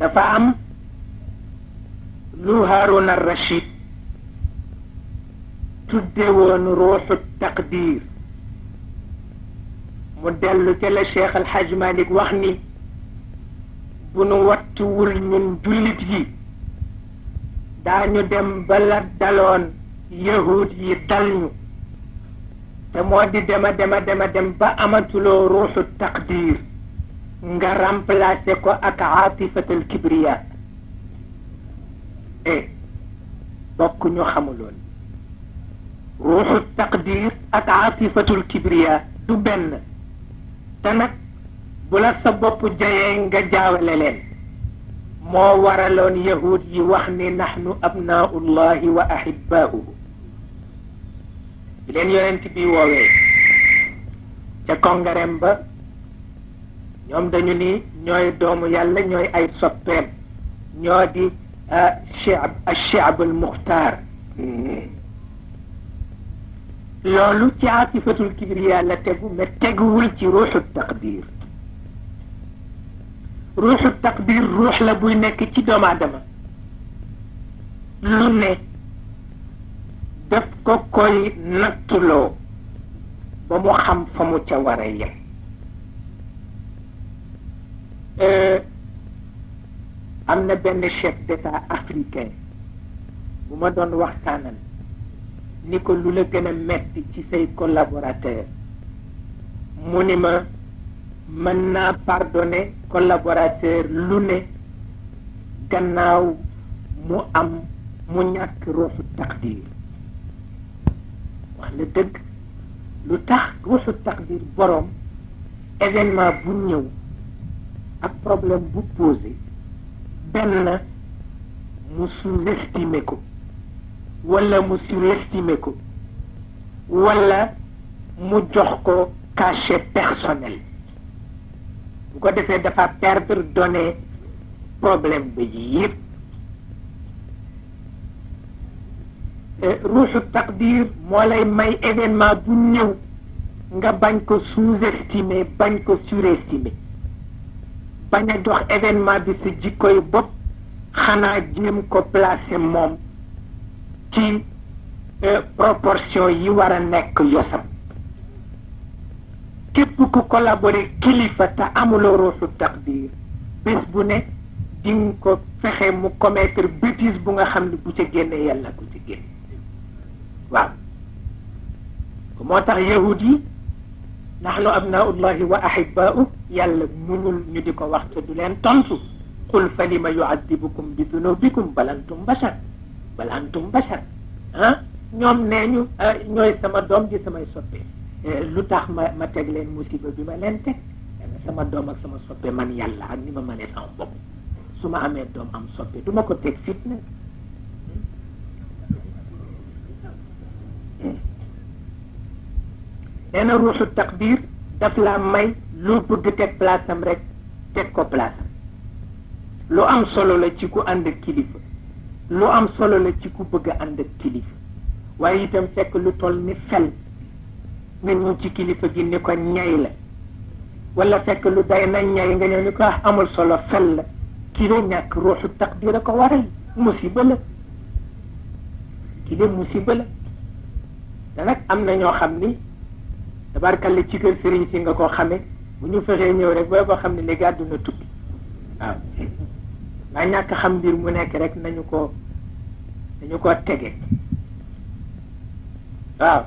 dafa am lu haruna rachid tudde woon ruuxu taqdir mu dellu ca la cheikh alxaj malik wax ni bu nu wattuwul ñun jullit yi daañu dem ba la daloon yahud yi dal ñu te moo di dema dema dema dem ba amatuloo ruuxu taqdir ngaram placé ko ak atifatul kibriya e bokku ñu xamuloon ruhu taqdir ak atifatul kibriya du ben te nak bu la sa bop jayee nga jaawale len mo waralon yahud yi wax ni naxnu abnaaullahi wa ahibbaahu len yonent bi wowe ca kongarem ba ñoom dañu ni ñooy doomu yàlla ñooy ay soppeem ñoo di shiab al almuxtaar loolu ci atifatul kibriya la tegu mais teguwul ci ruuxu taqdir ruuxu taqdir ruux la buy nekk ci doomu adama lu ne def ko koy nattuloo ba mu xam fa mu ca war a yem Euh, am na benn chef d'état africain bu ma doon waxtaanal ni ko lu la gën a metti ci say collaborateur mu ni ma mën naa pardonner collaborateur lu ne gannaaw mu am mu ñàkk ruuxu taqdir wax na dëgg lu tax ruuxu taqdir boroom événement bu ñëw ak problème bu posé benn la mu sous ko wala mu surestimé ko wala mu jox ko cachet personnel bu ko defee dafa perdre donné problème bi yëpp ruuxu taqdir moo lay may événement bu ñëw nga bañ ko sous-estimer bañ ko surestimer bañ a jox événement bi sa jikkoy bopp xanaa jéem ko placer moom ci euh, proportion yi war a nekk yosam képp ku collaboré kilifa te amuloo roosu taqdir bés bu ne di ko fexe mu commettre bêtise bu nga xam ne bu ci génne yàlla ku ci génne waaw moo tax yahud yi نحن أبناء الله وأحباؤه يل منول نديكو وقت دولين تنسو قل فلما يعذبكم بذنوبكم بل أنتم بشر بل أنتم بشر ها نيوم نانيو نيوي سما دوم دي سما يسوبي لوتاخ ما ما تغلين مصيبه بما لين تك سما دوم اك سما سوبي مان يالا ما ماني سام بوب سما امي دوم ام سوبي دوما كو تك فتنه أنا روح التقدير دفلا ماي لو بغ تك بلاص ام رك لو ام سولو لا تي كو اند كليف لو ام سولو لا تي كو بغ كليف واي يتم لو تول ني من ني كليف جي كو نياي لا ولا تك لو داي نا نياي كو امول سولو فل كي لو التقدير كو مصيبه لا كي دي مصيبه لا da nak am nañu tabarkalla ci kër sëriñ si nga ko xamee bu ñu fexee ñëw rek booy ko xam ne léegi àdduna tukki waaw maa ñàkk xam mbir mu nekk rek nañu ko nañu ko tege waaw